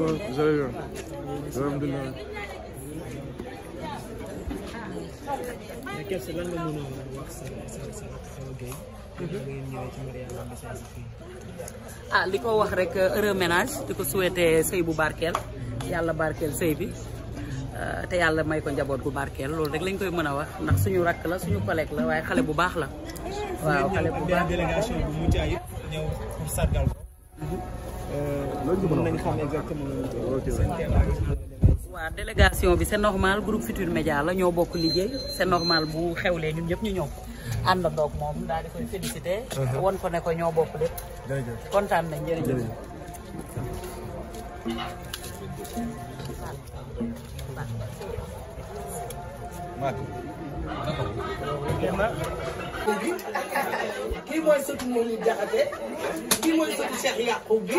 Vous allez ah li ko wax rek euh, heureux ménage di ko souhaité sëy bu barkeel yàlla barkeel sëy bi euh, te yàlla may ko njaboot bu barkeel loolu rek lañ koy mën a wax ndax suñu rakk la suñu collègue la waaye xale bu baax la. waaw xale bu baax délégation loolu euh, mën nañ xam exactement waaw délégation bi c'est normal groupe Futur Média la ñoo bokk liggéey c'est normal bu xewlee ñun ñëpp ñu ñëw ànd ndoog moom daal di koy félicité uh-huh. won ko ne ko ñoo bokk lépp kontaan nañ jërëjëf jërëjëf kii mooy sëtu Mawli Jaxate kii mooy sëtu Cheikh Yaqub bi.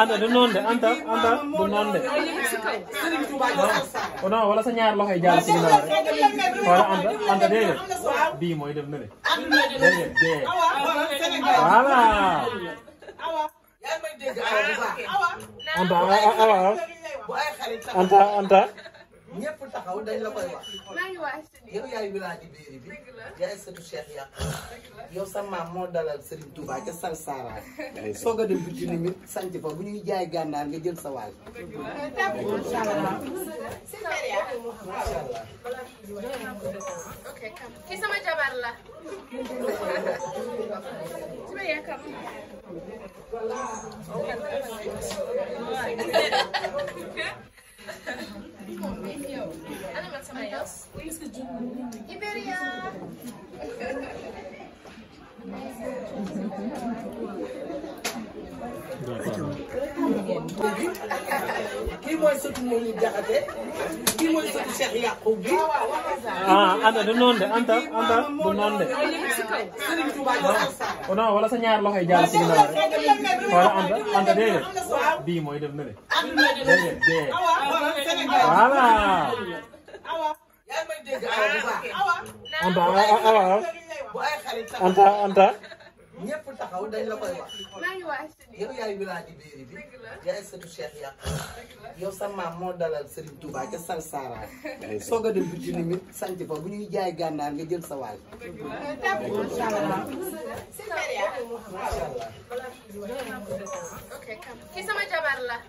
Anta du noonu de Anta Anta du noonu de. wala sa loxo yi jaar ci wala Anta Anta déedéet mooy de déedéet Anta Anta. ñëpp taxaw dañ la koy wax. yow yaay village biir bi yaay sëtu Cheikh yàq yow sa maam moo dalal Serigne Touba ca Sal Sara soog a dem bi ci limit bu ñuy jaay gànnaar nga jël sa waay. la. Come on, baby. Yo. I don't want somebody else. Iberia! kii mooy sotu moom ñu jaxate kii mooy sotu Cheikh Yaqub bi ah Anta du noonu de Anta Anta du de non wala sa ñaar loxoy jaar ci ginnaaw rek Anta Anta dégg nga mooy de dégg nga dégg voilà Anta bu ay xale taxaw anta anta. ñëpp taxaw dañ la koy wax. yow yaay village biir bi. yaay sëtu Cheikh yàq. yow sa maam moo dalal Serigne Touba ca Sal Sara. soog a dem bitti ni mi sant fa bu ñuy jaay gànnaar nga jël sa waay. macha sama jabar la.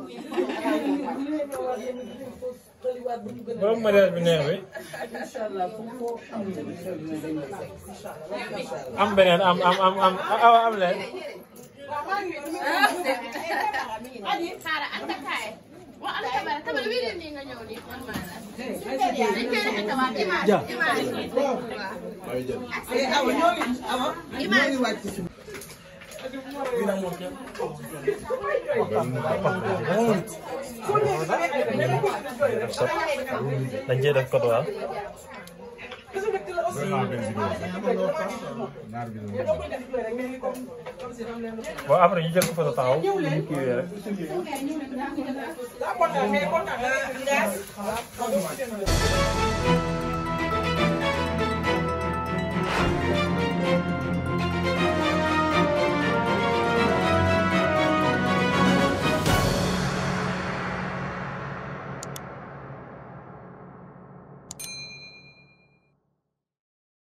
boobu mariage bi neex bi am beneen am am am am awa am leen ja dañ cee def code waaw. bon après ñu jël ko photo taxaw ñu kiiwee rek.